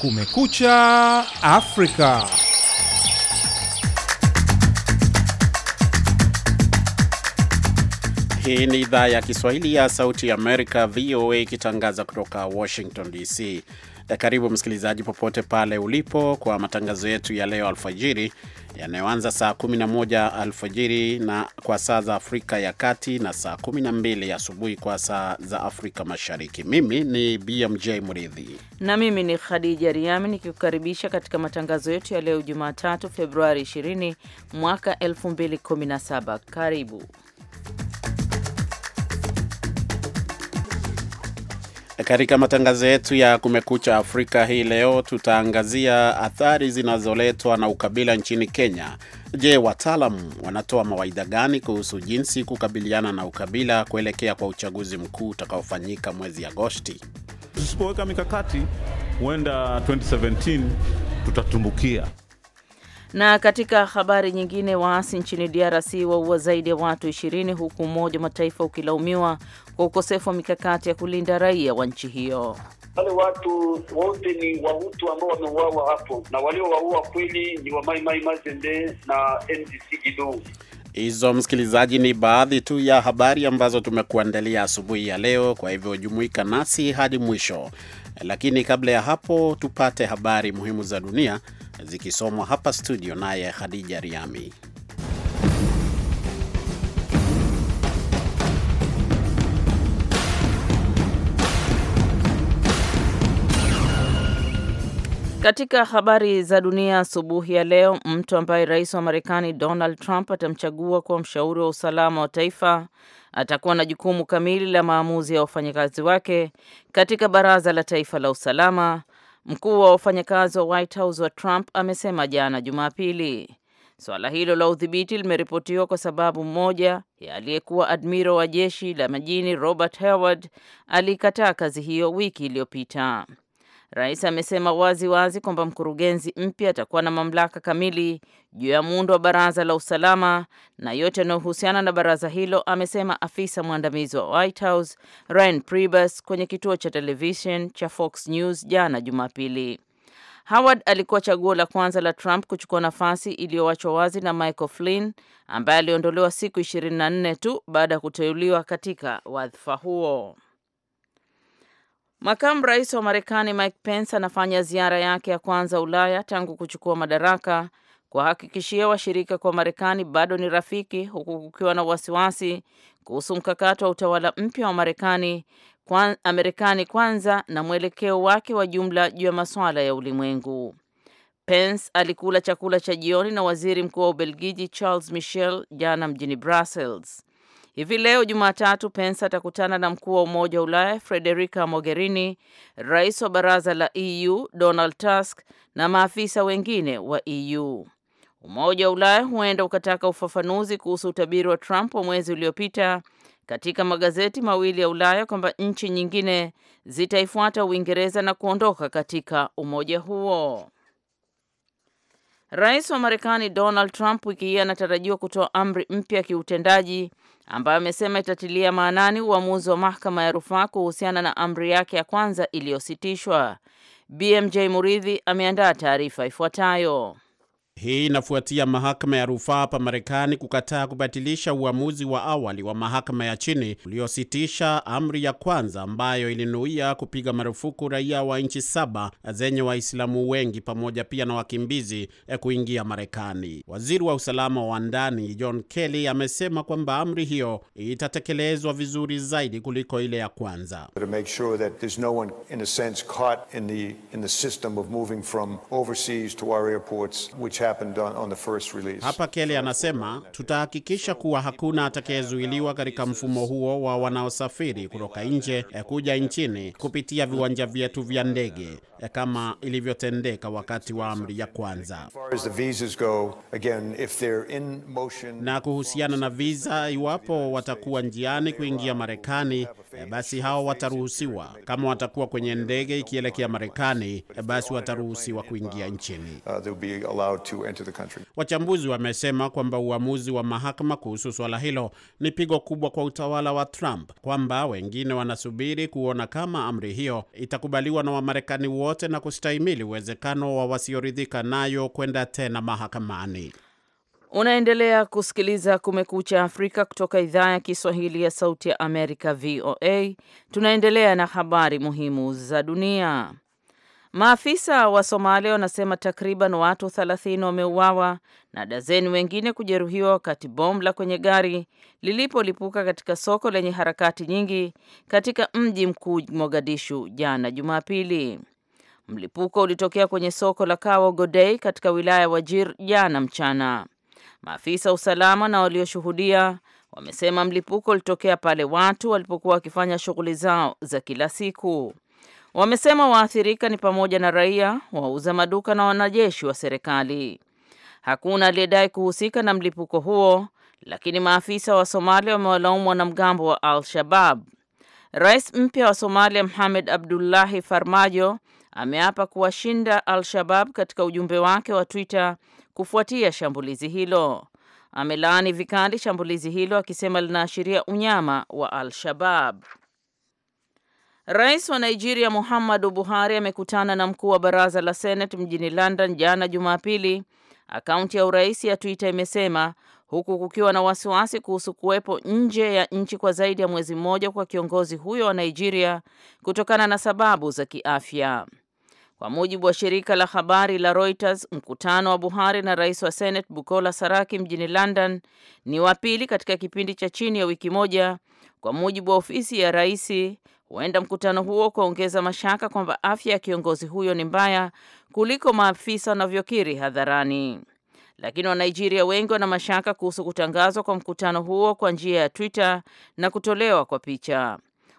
Kumekucha Afrika. Hii ni idhaa ya Kiswahili ya Sauti ya Amerika, VOA, ikitangaza kutoka Washington DC. Eh, karibu msikilizaji, popote pale ulipo, kwa matangazo yetu ya leo alfajiri yanayoanza saa 11 alfajiri na kwa saa za Afrika ya Kati na saa 12 asubuhi kwa saa za Afrika Mashariki. Mimi ni BMJ Mridhi na mimi ni Khadija Riami nikikukaribisha katika matangazo yetu ya leo Jumatatu Februari 20 mwaka 2017. Karibu Katika matangazo yetu ya Kumekucha Afrika hii leo, tutaangazia athari zinazoletwa na ukabila nchini Kenya. Je, wataalam wanatoa mawaidha gani kuhusu jinsi kukabiliana na ukabila kuelekea kwa uchaguzi mkuu utakaofanyika mwezi Agosti? Tusipoweka mikakati, huenda 2017 tutatumbukia na katika habari nyingine, waasi nchini DRC waua zaidi ya watu 20 huku Umoja wa Mataifa ukilaumiwa kwa ukosefu wa mikakati ya kulinda raia wa nchi hiyo. Wale watu wote ni wahutu ambao wameuawa hapo, na waliowaua kweli ni wa Mai Mai Mazembe na MDC Kidongo. Hizo msikilizaji, ni baadhi tu ya habari ambazo tumekuandalia asubuhi ya leo, kwa hivyo jumuika nasi hadi mwisho. Lakini kabla ya hapo, tupate habari muhimu za dunia zikisomwa hapa studio naye Khadija Riami. Katika habari za dunia asubuhi ya leo, mtu ambaye rais wa Marekani Donald Trump atamchagua kuwa mshauri wa usalama wa taifa atakuwa na jukumu kamili la maamuzi ya wafanyakazi wake katika Baraza la Taifa la Usalama Mkuu wa wafanyakazi wa White House wa Trump amesema jana Jumapili suala hilo la udhibiti limeripotiwa kwa sababu mmoja ya aliyekuwa admiro wa jeshi la majini Robert Howard aliikataa kazi hiyo wiki iliyopita. Rais amesema wazi wazi kwamba mkurugenzi mpya atakuwa na mamlaka kamili juu ya muundo wa baraza la usalama na yote yanayohusiana na baraza hilo, amesema afisa mwandamizi wa White House Ryan Priebus kwenye kituo cha television cha Fox News jana Jumapili. Howard alikuwa chaguo la kwanza la Trump kuchukua nafasi iliyowachwa wazi na Michael Flynn ambaye aliondolewa siku 24 tu baada ya kuteuliwa katika wadhifa huo. Makamu rais wa Marekani Mike Pence anafanya ziara yake ya kwanza Ulaya tangu kuchukua madaraka kuwahakikishia washirika kwa Marekani bado ni rafiki, huku kukiwa na wasiwasi kuhusu mkakati wa utawala mpya wa Marekani kwan, Amerikani kwanza na mwelekeo wake wa jumla juu ya masuala ya ulimwengu. Pence alikula chakula cha jioni na waziri mkuu wa Ubelgiji Charles Michel jana mjini Brussels. Hivi leo Jumatatu, Pence atakutana na mkuu wa Umoja wa Ulaya Frederica Mogherini, rais wa baraza la EU Donald Tusk na maafisa wengine wa EU. Umoja wa Ulaya huenda ukataka ufafanuzi kuhusu utabiri wa Trump wa mwezi uliopita katika magazeti mawili ya Ulaya kwamba nchi nyingine zitaifuata Uingereza na kuondoka katika umoja huo. Rais wa Marekani Donald Trump wiki hii anatarajiwa kutoa amri mpya ya kiutendaji ambayo amesema itatilia maanani uamuzi wa mahakama ya rufaa kuhusiana na amri yake ya kwanza iliyositishwa. BMJ Muridhi ameandaa taarifa ifuatayo. Hii inafuatia mahakama ya rufaa hapa Marekani kukataa kubatilisha uamuzi wa awali wa mahakama ya chini uliositisha amri ya kwanza ambayo ilinuia kupiga marufuku raia wa nchi saba zenye Waislamu wengi pamoja pia na wakimbizi eh, kuingia Marekani. Waziri wa usalama wa ndani John Kelly amesema kwamba amri hiyo itatekelezwa vizuri zaidi kuliko ile ya kwanza. Hapa kele anasema tutahakikisha kuwa hakuna atakayezuiliwa katika mfumo huo wa wanaosafiri kutoka nje eh, kuja nchini kupitia viwanja vyetu vya ndege eh, kama ilivyotendeka wakati wa amri ya kwanza. Na kuhusiana na viza, iwapo watakuwa njiani kuingia Marekani, eh, basi hao wataruhusiwa. Kama watakuwa kwenye ndege ikielekea Marekani, basi wataruhusiwa kuingia nchini. Uh, to enter the country. Wachambuzi wamesema kwamba uamuzi wa mahakama kuhusu swala hilo ni pigo kubwa kwa utawala wa Trump, kwamba wengine wanasubiri kuona kama amri hiyo itakubaliwa na Wamarekani wote na kustahimili uwezekano wa wasioridhika nayo kwenda tena mahakamani. Unaendelea kusikiliza Kumekucha Afrika kutoka idhaa ya Kiswahili ya Sauti ya Amerika, VOA. Tunaendelea na habari muhimu za dunia. Maafisa wa Somalia wanasema takriban watu 30 wameuawa na dazeni wengine kujeruhiwa wakati bomu la kwenye gari lilipolipuka katika soko lenye harakati nyingi katika mji mkuu Mogadishu jana Jumapili. Mlipuko ulitokea kwenye soko la Kawo Godei katika wilaya ya Wajir jana mchana. Maafisa wa usalama na walioshuhudia wamesema mlipuko ulitokea pale watu walipokuwa wakifanya shughuli zao za kila siku. Wamesema waathirika ni pamoja na raia, wauza maduka na wanajeshi wa serikali. Hakuna aliyedai kuhusika na mlipuko huo, lakini maafisa wa Somalia wamewalaumu wanamgambo wa Al-Shabab. Rais mpya wa Somalia Mohamed Abdullahi Farmajo ameapa kuwashinda Al-Shabab katika ujumbe wake wa Twitter kufuatia shambulizi hilo. Amelaani vikali shambulizi hilo akisema linaashiria unyama wa Al-Shabab. Rais wa Nigeria Muhammadu Buhari amekutana na mkuu wa baraza la Senate mjini London jana Jumapili, akaunti ya urais ya Twitter imesema, huku kukiwa na wasiwasi kuhusu kuwepo nje ya nchi kwa zaidi ya mwezi mmoja kwa kiongozi huyo wa Nigeria kutokana na sababu za kiafya. Kwa mujibu wa shirika la habari la Reuters, mkutano wa Buhari na rais wa Senate Bukola Saraki mjini London ni wa pili katika kipindi cha chini ya wiki moja, kwa mujibu wa ofisi ya rais. Huenda mkutano huo kuongeza mashaka kwamba afya ya kiongozi huyo ni mbaya kuliko maafisa wanavyokiri hadharani. Lakini Wanigeria wengi wana mashaka kuhusu kutangazwa kwa mkutano huo kwa njia ya Twitter na kutolewa kwa picha.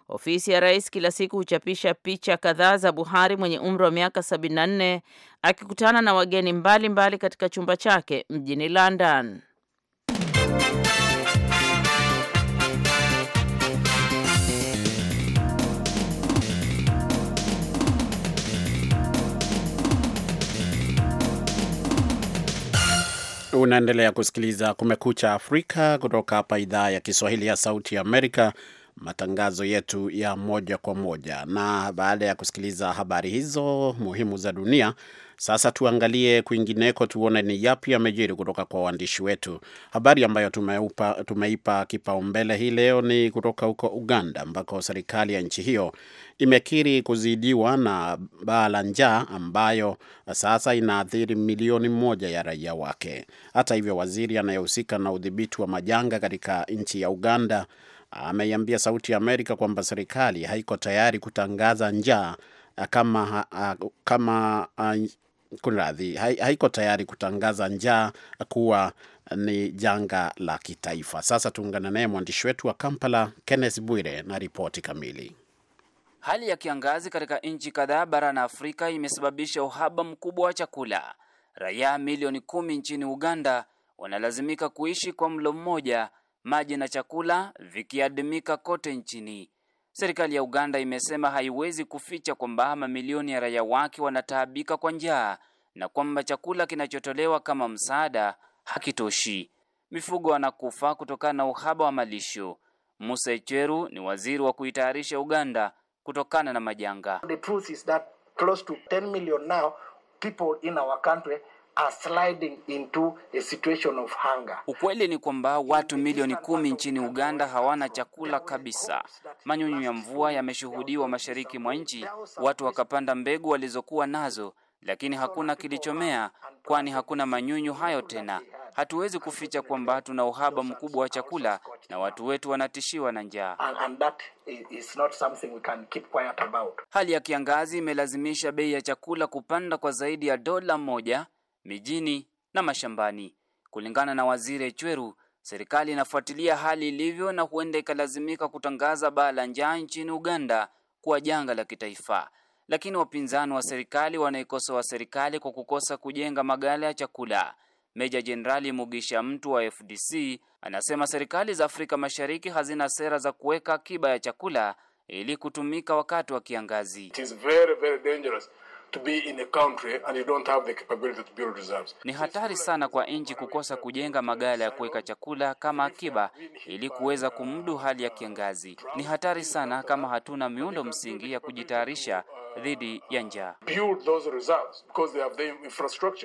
Ofisi ya rais kila siku huchapisha picha kadhaa za Buhari mwenye umri wa miaka 74 akikutana na wageni mbalimbali mbali katika chumba chake mjini London. Unaendelea kusikiliza Kumekucha Afrika kutoka hapa idhaa ya Kiswahili ya Sauti ya Amerika matangazo yetu ya moja kwa moja. Na baada ya kusikiliza habari hizo muhimu za dunia, sasa tuangalie kwingineko, tuone ni yapi yamejiri kutoka kwa waandishi wetu. Habari ambayo tumeupa, tumeipa kipaumbele hii leo ni kutoka huko Uganda, ambako serikali ya nchi hiyo imekiri kuzidiwa na baa la njaa ambayo sasa inaathiri milioni moja ya raia wake. Hata hivyo, waziri anayehusika na udhibiti wa majanga katika nchi ya Uganda ameiambia Sauti ya Amerika kwamba serikali haiko tayari kutangaza njaa uh, kama, uh, kama uh, kunradhi, haiko tayari kutangaza njaa kuwa ni janga la kitaifa. Sasa tuungana naye mwandishi wetu wa Kampala, Kenneth Bwire na ripoti kamili. Hali ya kiangazi katika nchi kadhaa barani Afrika imesababisha uhaba mkubwa wa chakula. Raia milioni kumi nchini Uganda wanalazimika kuishi kwa mlo mmoja maji na chakula vikiadimika kote nchini. Serikali ya Uganda imesema haiwezi kuficha kwamba mamilioni ya raia wake wanataabika kwa njaa na kwamba chakula kinachotolewa kama msaada hakitoshi. Mifugo wanakufa kutokana na uhaba wa malisho. Musa echeru ni waziri wa kuitayarisha Uganda kutokana na majanga. The truth is that close to 10 million now people in our country are sliding into a situation of hunger. Ukweli ni kwamba watu milioni kumi nchini Uganda hawana chakula kabisa. Manyunyu ya mvua yameshuhudiwa mashariki mwa nchi, watu wakapanda mbegu walizokuwa nazo, lakini hakuna kilichomea, kwani hakuna manyunyu hayo tena. Hatuwezi kuficha kwamba tuna uhaba mkubwa wa chakula na watu wetu wanatishiwa na njaa. Hali ya kiangazi imelazimisha bei ya chakula kupanda kwa zaidi ya dola moja mijini na mashambani. Kulingana na Waziri Echweru, serikali inafuatilia hali ilivyo na huenda ikalazimika kutangaza baa la njaa nchini Uganda kuwa janga la kitaifa. Lakini wapinzani wa serikali wanaikosoa serikali kwa kukosa kujenga magala ya chakula. Meja Jenerali Mugisha Mtu wa FDC anasema serikali za Afrika Mashariki hazina sera za kuweka akiba ya chakula ili kutumika wakati wa kiangazi. It is very, very dangerous ni hatari sana kwa nchi kukosa kujenga magala ya kuweka chakula kama akiba ili kuweza kumdu hali ya kiangazi. Ni hatari sana kama hatuna miundo msingi ya kujitayarisha dhidi ya njaa.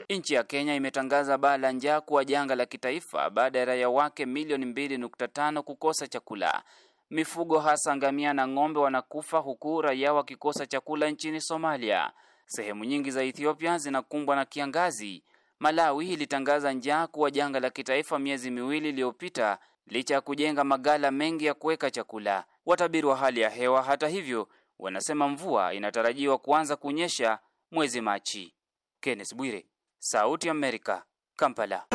Nchi ya Kenya imetangaza baa la njaa kuwa janga la kitaifa baada ya raia wake milioni 2.5 kukosa chakula. Mifugo hasa ngamia na ng'ombe wanakufa huku raia wakikosa chakula nchini Somalia. Sehemu nyingi za Ethiopia zinakumbwa na kiangazi. Malawi ilitangaza njaa kuwa janga la kitaifa miezi miwili iliyopita licha ya kujenga magala mengi ya kuweka chakula. Watabiri wa hali ya hewa, hata hivyo, wanasema mvua inatarajiwa kuanza kunyesha mwezi Machi. Kenneth Bwire, Sauti ya Amerika, Kampala.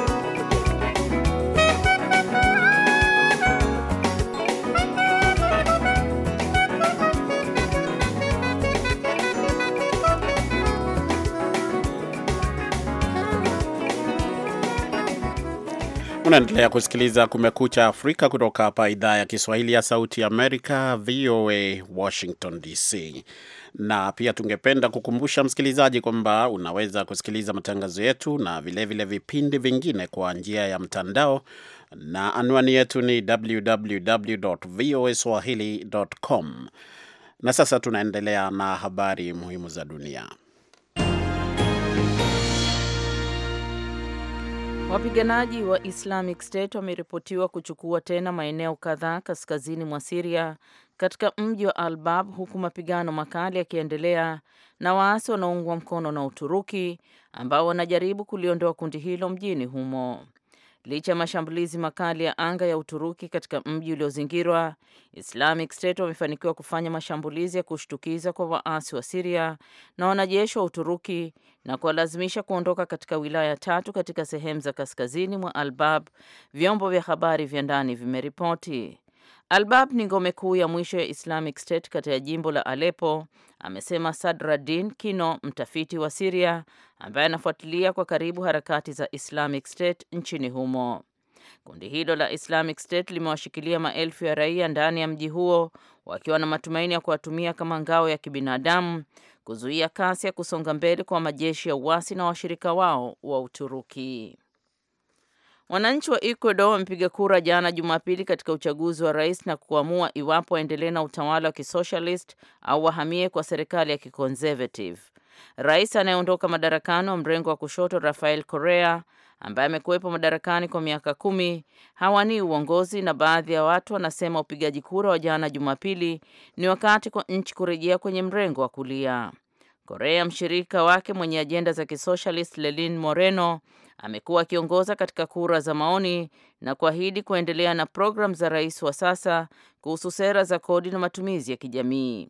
Unaendelea kusikiliza Kumekucha Afrika kutoka hapa idhaa ya Kiswahili ya Sauti ya Amerika, VOA Washington DC. Na pia tungependa kukumbusha msikilizaji kwamba unaweza kusikiliza matangazo yetu na vilevile vile vipindi vingine kwa njia ya mtandao, na anwani yetu ni www voa swahili com. Na sasa tunaendelea na habari muhimu za dunia. Wapiganaji wa Islamic State wameripotiwa kuchukua tena maeneo kadhaa kaskazini mwa Siria katika mji wa albab huku mapigano makali yakiendelea na waasi wanaoungwa mkono na Uturuki ambao wanajaribu kuliondoa kundi hilo mjini humo. Licha ya mashambulizi makali ya anga ya Uturuki katika mji uliozingirwa, Islamic State wamefanikiwa kufanya mashambulizi ya kushtukiza kwa waasi wa Siria na wanajeshi wa Uturuki na kuwalazimisha kuondoka katika wilaya tatu katika sehemu za kaskazini mwa Albab, vyombo vya habari vya ndani vimeripoti. Albab ni ngome kuu ya mwisho ya Islamic State katika jimbo la Aleppo, amesema Sadradin Kino, mtafiti wa Siria ambaye anafuatilia kwa karibu harakati za Islamic State nchini humo. Kundi hilo la Islamic State limewashikilia maelfu ya raia ndani ya mji huo wakiwa na matumaini ya kuwatumia kama ngao ya kibinadamu kuzuia kasi ya kusonga mbele kwa majeshi ya uasi na washirika wao wa Uturuki. Wananchi wa Ecuador wamepiga kura jana Jumapili katika uchaguzi wa rais na kuamua iwapo waendelee na utawala wa kisocialist au wahamie kwa serikali ya kiconservative. Rais anayeondoka madarakani wa mrengo wa kushoto Rafael Correa, ambaye amekuwepo madarakani kwa miaka kumi, hawani uongozi, na baadhi ya watu wanasema upigaji kura wa jana Jumapili ni wakati kwa nchi kurejea kwenye mrengo wa kulia. Korea mshirika wake mwenye ajenda za kisocialist Lenin Moreno amekuwa akiongoza katika kura za maoni na kuahidi kuendelea na programu za rais wa sasa kuhusu sera za kodi na matumizi ya kijamii.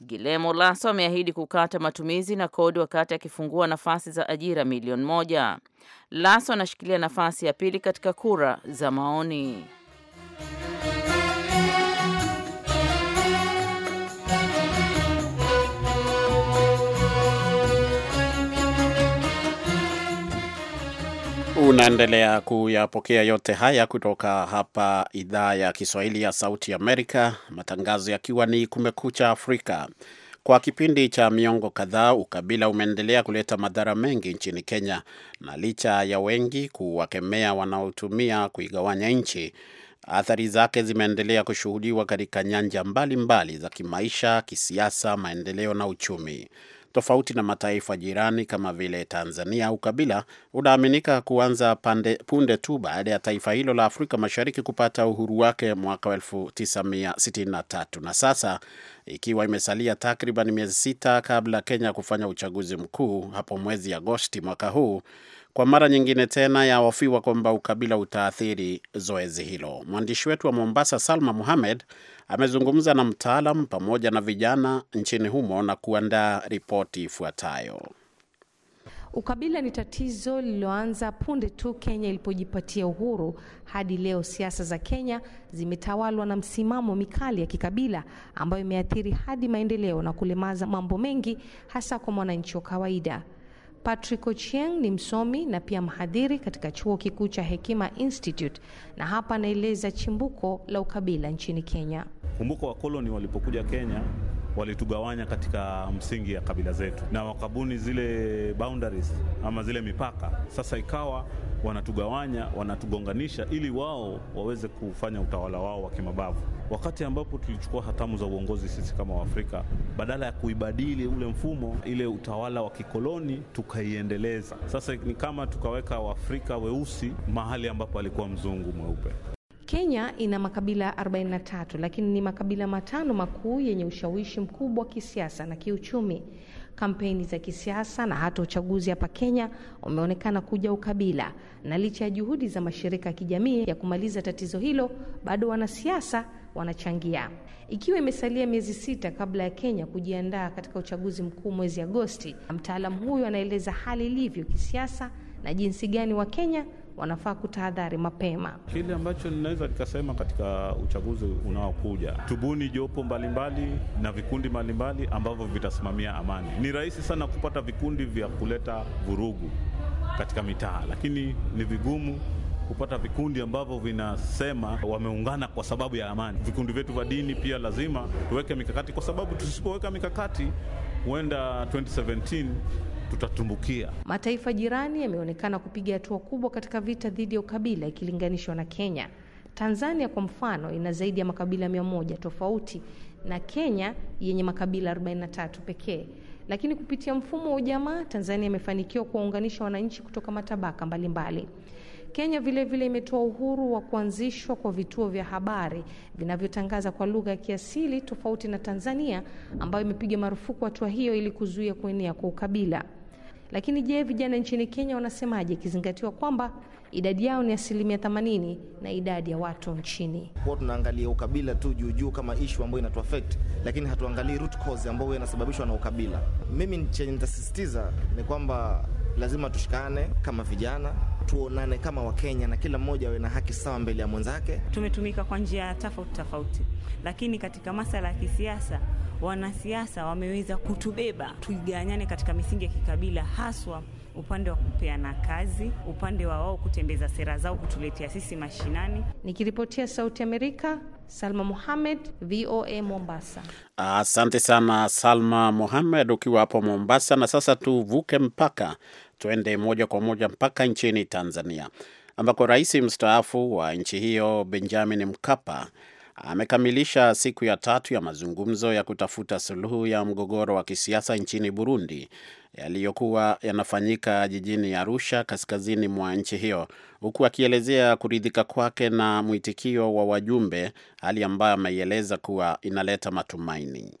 Guillermo Lasso ameahidi kukata matumizi na kodi wakati akifungua nafasi za ajira milioni moja. Lasso anashikilia nafasi ya pili katika kura za maoni. Unaendelea kuyapokea yote haya kutoka hapa idhaa ya Kiswahili ya Sauti Amerika, matangazo yakiwa ni Kumekucha Afrika. Kwa kipindi cha miongo kadhaa, ukabila umeendelea kuleta madhara mengi nchini Kenya, na licha ya wengi kuwakemea wanaotumia kuigawanya nchi, athari zake zimeendelea kushuhudiwa katika nyanja mbalimbali mbali za kimaisha, kisiasa, maendeleo na uchumi tofauti na mataifa jirani kama vile Tanzania au Kabila, unaaminika kuanza pande, punde tu baada ya taifa hilo la Afrika Mashariki kupata uhuru wake mwaka 1963 na sasa ikiwa imesalia takriban miezi sita kabla Kenya kufanya uchaguzi mkuu hapo mwezi Agosti mwaka huu, kwa mara nyingine tena yahofiwa kwamba ukabila utaathiri zoezi hilo. Mwandishi wetu wa Mombasa, Salma Muhamed, amezungumza na mtaalam pamoja na vijana nchini humo na kuandaa ripoti ifuatayo. Ukabila ni tatizo lililoanza punde tu Kenya ilipojipatia uhuru. Hadi leo siasa za Kenya zimetawalwa na msimamo mikali ya kikabila ambayo imeathiri hadi maendeleo na kulemaza mambo mengi, hasa kwa mwananchi wa kawaida. Patrick Ochieng ni msomi na pia mhadhiri katika chuo kikuu cha Hekima Institute, na hapa anaeleza chimbuko la ukabila nchini Kenya. Kumbuka wakoloni walipokuja Kenya walitugawanya katika msingi ya kabila zetu na wakabuni zile boundaries ama zile mipaka. Sasa ikawa wanatugawanya, wanatugonganisha ili wao waweze kufanya utawala wao wa kimabavu. Wakati ambapo tulichukua hatamu za uongozi sisi kama Waafrika, badala ya kuibadili ule mfumo, ile utawala wa kikoloni tukaiendeleza. Sasa ni kama tukaweka Waafrika weusi mahali ambapo alikuwa mzungu mweupe. Kenya ina makabila 43 lakini ni makabila matano makuu yenye ushawishi mkubwa kisiasa na kiuchumi. Kampeni za kisiasa na hata uchaguzi hapa Kenya umeonekana kuja ukabila, na licha ya juhudi za mashirika ya kijamii ya kumaliza tatizo hilo, bado wanasiasa wanachangia. Ikiwa imesalia miezi sita kabla ya Kenya kujiandaa katika uchaguzi mkuu mwezi Agosti, mtaalamu huyu anaeleza hali ilivyo kisiasa na jinsi gani wa kenya wanafaa kutahadhari mapema. Kile ambacho ninaweza nikasema katika uchaguzi unaokuja, tubuni jopo mbalimbali mbali, na vikundi mbalimbali ambavyo vitasimamia amani. Ni rahisi sana kupata vikundi vya kuleta vurugu katika mitaa, lakini ni vigumu kupata vikundi ambavyo vinasema wameungana kwa sababu ya amani. Vikundi vyetu vya dini pia lazima tuweke mikakati, kwa sababu tusipoweka mikakati, huenda 2017 tutatumbukia. Mataifa jirani yameonekana kupiga hatua kubwa katika vita dhidi ya ukabila ikilinganishwa na Kenya. Tanzania kwa mfano ina zaidi ya makabila mia moja tofauti na Kenya yenye makabila 43 pekee. Lakini kupitia mfumo wa ujamaa, Tanzania imefanikiwa kuwaunganisha wananchi kutoka matabaka mbalimbali mbali. Kenya vilevile imetoa uhuru wa kuanzishwa kwa vituo vya habari vinavyotangaza kwa lugha ya kiasili tofauti na Tanzania ambayo imepiga marufuku hatua hiyo ili kuzuia kuenea kwa ukabila. Lakini je, vijana nchini Kenya wanasemaje, ikizingatiwa kwamba idadi yao ni asilimia 80 na idadi ya watu nchini? Huwa tunaangalia ukabila tu juu juu kama issue ambayo inatu affect, lakini hatuangalii root cause ambayo inasababishwa na ukabila. Mimi chenye nitasisitiza ni kwamba lazima tushikane kama vijana, tuonane kama Wakenya na kila mmoja awe na haki sawa mbele ya mwenzake. Tumetumika kwa njia tofauti tofauti, lakini katika masala ya kisiasa wanasiasa wameweza kutubeba tuiganyane katika misingi ya kikabila, haswa upande wa kupeana kazi, upande wa wao kutembeza sera zao kutuletea sisi mashinani. Nikiripotia Sauti Amerika, Salma Muhamed, VOA Mombasa. Asante sana Salma muhamed ukiwa hapo Mombasa. Na sasa tuvuke mpaka tuende moja kwa moja mpaka nchini Tanzania ambako rais mstaafu wa nchi hiyo Benjamin Mkapa amekamilisha siku ya tatu ya mazungumzo ya kutafuta suluhu ya mgogoro wa kisiasa nchini Burundi yaliyokuwa yanafanyika jijini Arusha, kaskazini mwa nchi hiyo, huku akielezea kuridhika kwake na mwitikio wa wajumbe, hali ambayo ameieleza kuwa inaleta matumaini.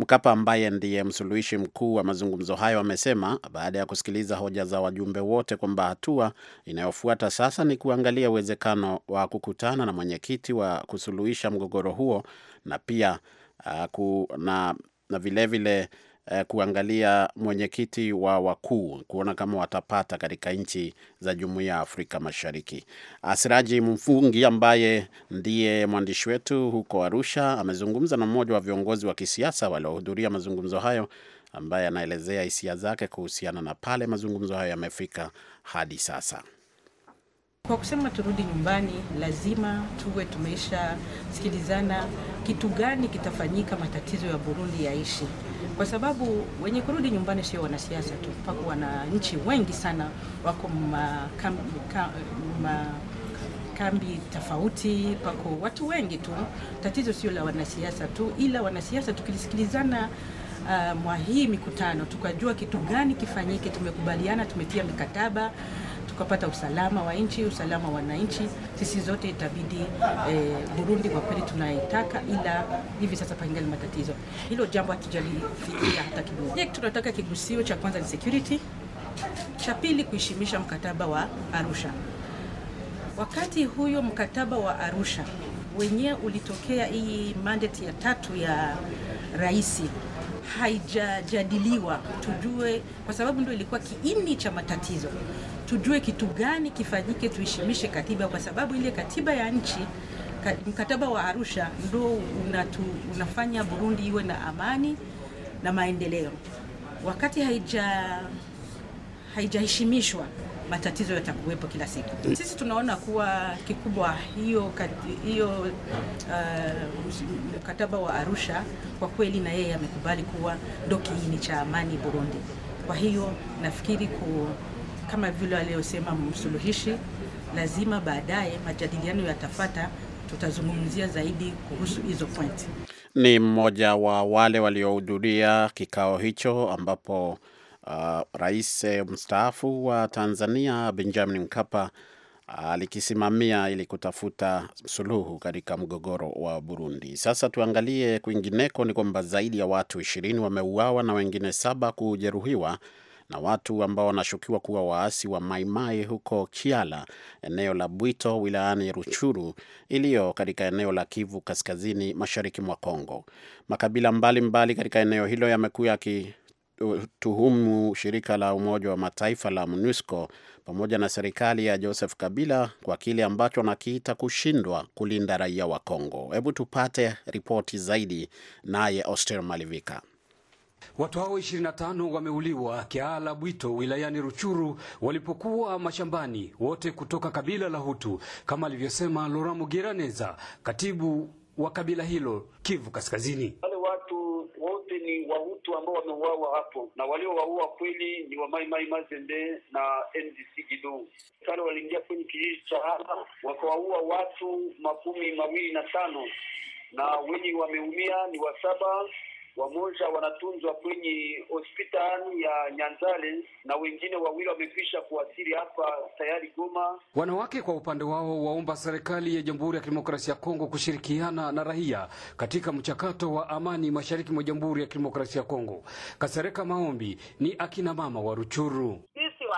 Mkapa ambaye ndiye msuluhishi mkuu wa mazungumzo hayo amesema baada ya kusikiliza hoja za wajumbe wote kwamba hatua inayofuata sasa ni kuangalia uwezekano wa kukutana na mwenyekiti wa kusuluhisha mgogoro huo na pia uh, ku, na, na vilevile eh, kuangalia mwenyekiti wa wakuu kuona kama watapata katika nchi za jumuiya ya Afrika Mashariki. Asiraji Mfungi ambaye ndiye mwandishi wetu huko Arusha amezungumza na mmoja wa viongozi wa kisiasa waliohudhuria mazungumzo hayo ambaye anaelezea hisia zake kuhusiana na pale mazungumzo hayo yamefika hadi sasa. Kwa kusema turudi nyumbani, lazima tuwe tumeisha sikilizana kitu gani kitafanyika matatizo ya Burundi yaishi kwa sababu wenye kurudi nyumbani sio wanasiasa tu, mpaka wananchi wengi sana wako ma, ma, kambi tofauti, pako watu wengi tu. Tatizo sio la wanasiasa tu, ila wanasiasa tukilisikilizana uh, mwa hii mikutano tukajua kitu gani kifanyike, tumekubaliana, tumetia mikataba tukapata usalama wa nchi, usalama wa wananchi. Sisi zote itabidi eh, Burundi kwa kweli tunaitaka, ila hivi sasa pangali matatizo. Hilo jambo hatujalifikia hata kidogo. Tunataka kigusio cha kwanza ni security, cha pili kuheshimisha mkataba wa Arusha. Wakati huyo mkataba wa Arusha wenyewe ulitokea, hii mandate ya tatu ya rais haijajadiliwa, tujue, kwa sababu ndio ilikuwa kiini cha matatizo tujue kitu gani kifanyike, tuheshimishe katiba, kwa sababu ile katiba ya nchi, mkataba wa Arusha ndo unatu, unafanya Burundi iwe na amani na maendeleo. Wakati haija haijaheshimishwa matatizo yatakuwepo kila siku. Eh. Sisi tunaona kuwa kikubwa hiyo hiyo uh, mkataba wa Arusha kwa kweli na yeye amekubali kuwa ndo kiini cha amani Burundi. Kwa hiyo nafikiri ku kama vile aliyosema msuluhishi, lazima baadaye majadiliano yatafata. Tutazungumzia zaidi kuhusu hizo point. Ni mmoja wa wale waliohudhuria kikao hicho ambapo uh, rais eh, mstaafu wa Tanzania Benjamin Mkapa alikisimamia uh, ili kutafuta suluhu katika mgogoro wa Burundi. Sasa tuangalie kwingineko. Ni kwamba zaidi ya watu ishirini wameuawa na wengine saba kujeruhiwa na watu ambao wanashukiwa kuwa waasi wa Maimai huko Kiala, eneo la Bwito wilayani Ruchuru iliyo katika eneo la Kivu Kaskazini, mashariki mwa Kongo. Makabila mbalimbali mbali katika eneo hilo yamekuwa yaki tuhumu shirika la Umoja wa Mataifa la MONUSCO pamoja na serikali ya Joseph Kabila kwa kile ambacho anakiita kushindwa kulinda raia wa Kongo. Hebu tupate ripoti zaidi naye Oster Malivika. Watu hao 25 wameuliwa Kiala Bwito wilayani Ruchuru walipokuwa mashambani, wote kutoka kabila la Hutu kama alivyosema Lora Mugiraneza, katibu wa kabila hilo Kivu Kaskazini. Wale watu wote ni Wahutu ambao wameuawa hapo, na waliowaua kweli ni wa Mai Mai Mazembe na ndc Gidu. Kale waliingia kwenye kijiji cha Hala wakawaua watu makumi mawili na tano na wenye wameumia ni wasaba wamoja wanatunzwa kwenye hospitali ya Nyanzale na wengine wawili wamekwisha kuwasili hapa tayari Goma. Wanawake kwa upande wao waomba serikali ya Jamhuri ya Kidemokrasia ya Kongo kushirikiana na raia katika mchakato wa amani mashariki mwa Jamhuri ya Kidemokrasia ya Kongo. Kasereka maombi ni akina mama wa Ruchuru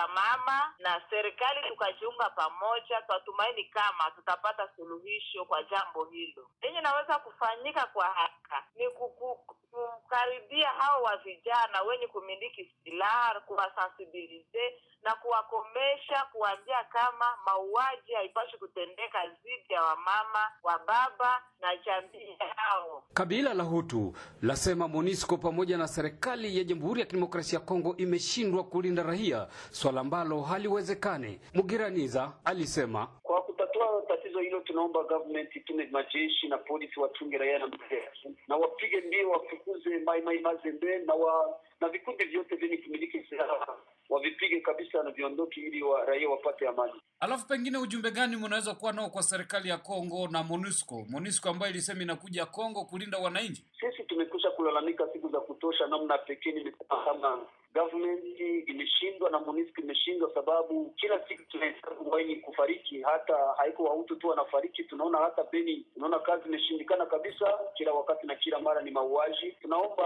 mama na serikali tukajiunga pamoja, twatumaini kama tutapata suluhisho kwa jambo hilo. Yenye naweza kufanyika kwa haraka ni kukaribia hao wa vijana wenye kumiliki silaha, kuwasensibilize na kuwakomesha kuwaambia kama mauaji haipashi kutendeka dhidi ya wamama wa baba na jamii yao. Kabila la Hutu lasema MONUSCO pamoja na serikali ya Jamhuri ya Kidemokrasia ya Kongo imeshindwa kulinda raia, swala ambalo haliwezekani. Mugiraniza alisema kwa kutatua tatizo hilo, tunaomba government itume majeshi na polisi watunge raia na mzee na wapige mbio, wafukuze maimai mazembe na, wa, na vikundi vyote vyenye kumiliki silaha wavipige kabisa na viondoki, ili wa raia wapate amani. Alafu pengine ujumbe gani mnaweza kuwa nao kwa serikali ya Kongo na MONUSCO, MONUSCO ambayo ilisema inakuja Kongo kulinda wananchi? Sisi tumekwisha kulalamika siku za kutosha, namna pekee nilikuwa kama government imeshindwa na MONUSCO imeshindwa, sababu kila siku tunahesabu kufariki, hata haiko wahutu tu wanafariki, tunaona hata Beni, tunaona kazi imeshindikana kabisa, kila wakati na kila mara ni mauaji. Tunaomba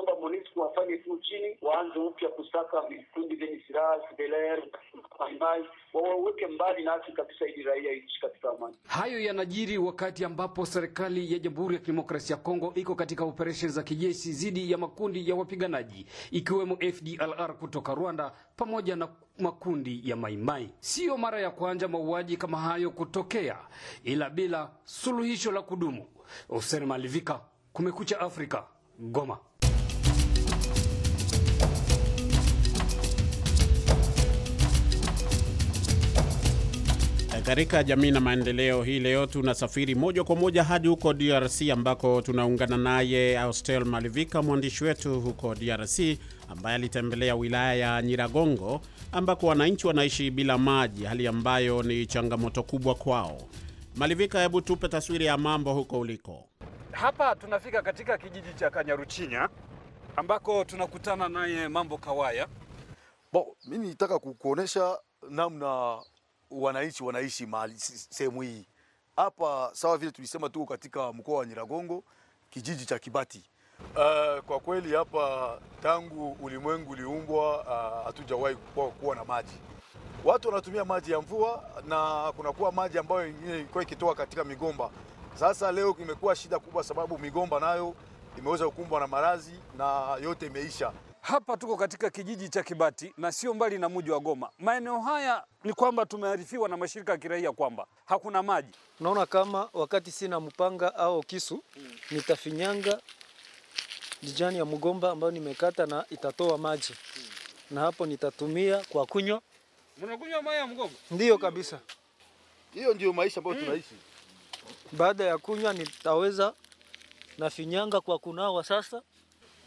tunaomba MONUSCO wafanye tu chini, waanze upya kusaka vikundi vyenye silaha sibeler mbalimbali, wawaweke mbali nasi kabisa, ili raia iishi katika amani. Hayo yanajiri wakati ambapo serikali ya Jamhuri ya Kidemokrasia ya Kongo iko katika operesheni za kijeshi dhidi ya makundi ya wapiganaji ikiwemo FDLR kutoka Rwanda pamoja na makundi ya maimai. Siyo mara ya kwanza mauaji kama hayo kutokea, ila bila suluhisho la kudumu. Oser Malivika, Kumekucha Afrika, Goma. Katika jamii na maendeleo hii leo tunasafiri moja kwa moja hadi huko DRC ambako tunaungana naye Austel Malivika, mwandishi wetu huko DRC ambaye alitembelea wilaya ya Nyiragongo ambako wananchi wanaishi bila maji, hali ambayo ni changamoto kubwa kwao. Malivika, hebu tupe taswira ya mambo huko uliko. Hapa tunafika katika kijiji cha Kanyaruchinya ambako tunakutana naye Mambo Kawaya. Bo, mimi nitaka kukuonesha namna wananchi wanaishi mahali sehemu hii hapa, sawa vile tulisema tuko katika mkoa wa Nyiragongo, kijiji cha Kibati. Uh, kwa kweli hapa tangu ulimwengu uliumbwa eh, hatujawahi uh, kuwa na maji. Watu wanatumia maji ya mvua na kunakuwa maji ambayo yenyewe ilikuwa ikitoka katika migomba. Sasa leo imekuwa shida kubwa, sababu migomba nayo imeweza kukumbwa na marazi na yote imeisha. Hapa tuko katika kijiji cha Kibati na sio mbali na mji wa Goma. Maeneo haya ni kwamba tumearifiwa na mashirika ya kiraia kwamba hakuna maji. Naona kama wakati sina mpanga au kisu, hmm, nitafinyanga jijani ya mgomba ambayo nimekata na itatoa maji, hmm, na hapo nitatumia kwa kunywa. Mnakunywa maji ya mgomba? Ndiyo kabisa, hiyo ndio maisha ambayo hmm, tunaishi. Baada ya kunywa nitaweza nafinyanga kwa kunawa sasa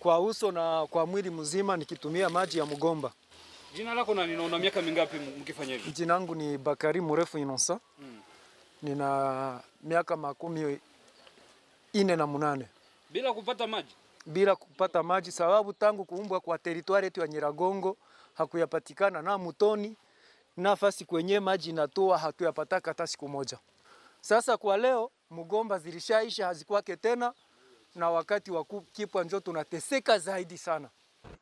kwa uso na kwa mwili mzima nikitumia maji ya mgomba. Jina lako na una miaka mingapi mkifanya hivi? Jina langu ni Bakari Murefu Inonsa. Mm. Nina miaka makumi ine na munane bila kupata maji, bila kupata maji sababu tangu kuumbwa kwa teritwari yetu ya Nyiragongo hakuyapatikana na mutoni nafasi kwenye maji inatoa hatuyapataka hata siku moja. Sasa kwa leo mgomba zilishaisha hazikwake tena na wakati wa kipwa njoo tunateseka zaidi sana.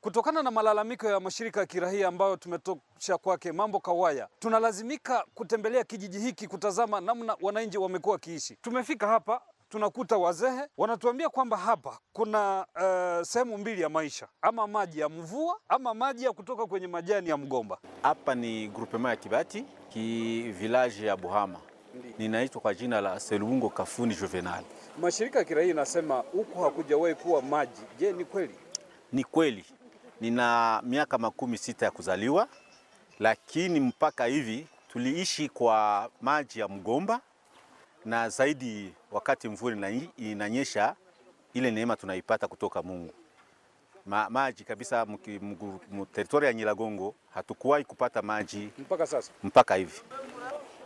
Kutokana na malalamiko ya mashirika ya kirahia ambayo tumetosha kwake mambo Kawaya, tunalazimika kutembelea kijiji hiki kutazama namna wananchi wamekuwa wakiishi. Tumefika hapa tunakuta wazee wanatuambia kwamba hapa kuna uh, sehemu mbili ya maisha, ama maji ya mvua ama maji ya kutoka kwenye majani ya mgomba. Hapa ni grupema ya Kibati ki village ya Buhama, ninaitwa kwa jina la Selungo Kafuni Juvenal mashirika ya kiraia inasema huku hakujawahi kuwa maji. Je, ni kweli? Ni kweli. Nina miaka makumi sita ya kuzaliwa, lakini mpaka hivi tuliishi kwa maji ya mgomba na zaidi, wakati mvua inanyesha, ile neema tunaipata kutoka Mungu Ma, maji kabisa. Teritoria ya Nyiragongo hatukuwahi kupata maji mpaka sasa, mpaka hivi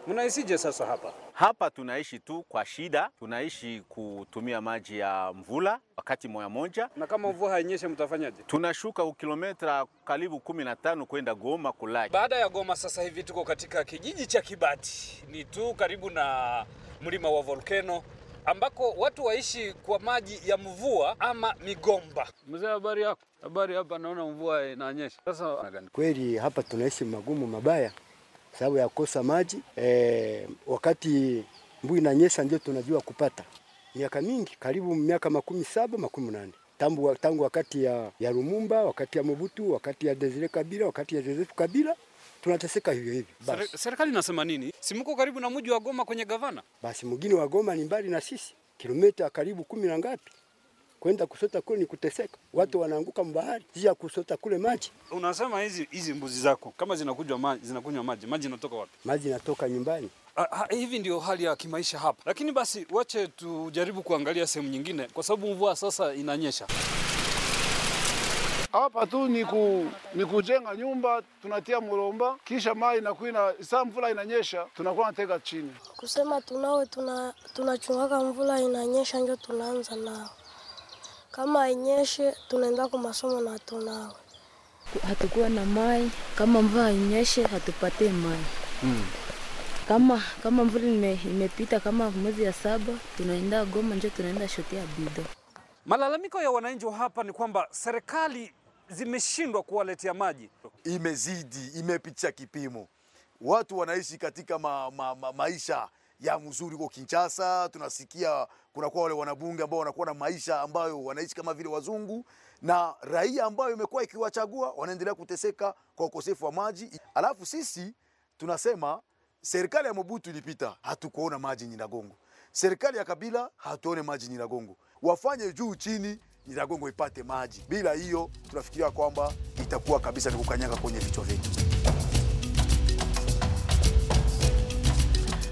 mnaishije sasa hapa? Hapa tunaishi tu kwa shida, tunaishi kutumia maji ya mvula wakati moya moja. Na kama mvua hainyeshe mtafanyaje? Tunashuka ukilometra karibu 15 kwenda Goma kulaji. Baada ya Goma sasa hivi tuko katika kijiji cha Kibati, ni tu karibu na mlima wa volkano ambako watu waishi kwa maji ya mvua ama migomba. Mzee, habari yako? Habari. Hapa naona mvua inanyesha sasa. Kweli hapa tunaishi magumu mabaya sababu ya kosa maji e, wakati na nyesha ndio tunajua kupata. Miaka mingi karibu miaka makumi saba makumi nane tangu, tangu wakati ya, ya Lumumba, wakati ya Mobutu, wakati ya Desire Kabila, wakati ya Joseph Kabila tunateseka hivyo hivyo. serikali inasema nini? Si mko karibu na mji wa Goma kwenye gavana? Basi mgini wa Goma ni mbali na sisi kilomita karibu kumi na ngapi? kwenda kusota kule ni kuteseka, watu wanaanguka mbahari ya kusota kule maji. Unasema hizi hizi mbuzi zako kama zinakunywa maji, zinakunywa maji, maji inatoka wapi? Maji inatoka nyumbani. Ha, ah, ah, ha, hivi ndio hali ya kimaisha hapa, lakini basi wache tujaribu kuangalia sehemu nyingine, kwa sababu mvua sasa inanyesha hapa tu ni, ku, ni kujenga nyumba, tunatia mlomba, kisha mai inakuwa saa mvula inanyesha tunakuwa natega chini. Kusema tunao tunachungaka tuna mvula inanyesha ndio tunaanza nao kama inyeshe tunaenda kwa masomo na hatunawe. Hatukuwa na mai, kama mvua inyeshe hatupate mai. Mm. Kama kama mvua imepita kama mwezi ya saba tunaenda Goma nje tunaenda shotea bido. Malalamiko ya wananchi hapa ni kwamba serikali zimeshindwa kuwaletea maji. Imezidi, imepitia kipimo. Watu wanaishi katika ma, ma, ma, maisha ya mzuri huko Kinshasa. Tunasikia kunakuwa wale wanabunge ambao wanakuwa na maisha ambayo wanaishi kama vile wazungu, na raia ambayo imekuwa ikiwachagua wanaendelea kuteseka kwa ukosefu wa maji. Alafu sisi tunasema serikali ya Mobutu ilipita, hatukuona maji Nyiragongo. Serikali ya Kabila hatuone maji Nyiragongo, wafanye juu chini Nyiragongo ipate maji. Bila hiyo, tunafikiria kwamba itakuwa kabisa ni kukanyaga kwenye vichwa vyetu.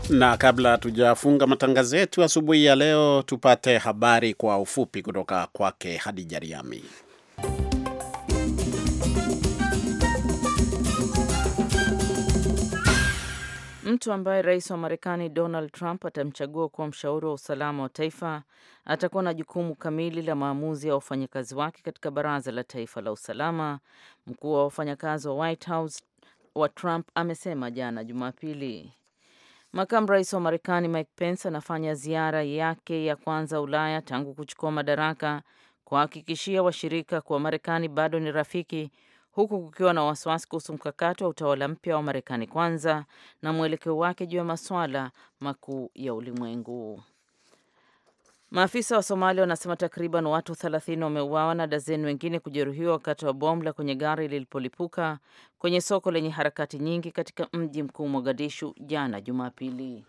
Na kabla tujafunga matangazo yetu asubuhi ya leo, tupate habari kwa ufupi kutoka kwake Hadija Riami. Mtu ambaye rais wa Marekani Donald Trump atamchagua kuwa mshauri wa usalama wa taifa atakuwa na jukumu kamili la maamuzi ya wafanyakazi wake katika baraza la taifa la usalama. Mkuu wa wafanyakazi wa White House wa Trump amesema jana Jumapili. Makamu rais wa Marekani Mike Pence anafanya ziara yake ya kwanza Ulaya tangu kuchukua madaraka kuhakikishia washirika kuwa Marekani bado ni rafiki, huku kukiwa na wasiwasi kuhusu mkakati wa utawala mpya wa Marekani kwanza na mwelekeo wake juu ya masuala makuu ya ulimwengu. Maafisa wa Somalia wanasema takriban watu 30 wameuawa na dazeni wengine kujeruhiwa wakati wa bomu la kwenye gari lilipolipuka kwenye soko lenye harakati nyingi katika mji mkuu Mogadishu jana Jumapili.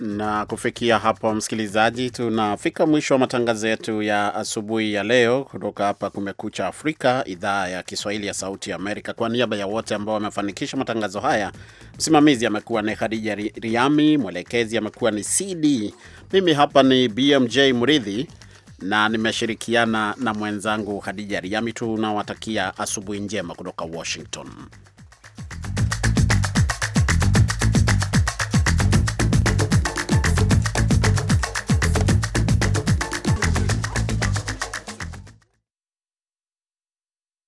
Na kufikia hapo, msikilizaji, tunafika mwisho wa matangazo yetu ya asubuhi ya leo kutoka hapa Kumekucha Afrika, idhaa ya Kiswahili ya Sauti ya Amerika. Kwa niaba ya wote ambao wamefanikisha matangazo haya, msimamizi amekuwa ni Khadija Riami, mwelekezi amekuwa ni CD, mimi hapa ni BMJ Muridhi na nimeshirikiana na mwenzangu Khadija Riami. Tunawatakia asubuhi njema kutoka Washington.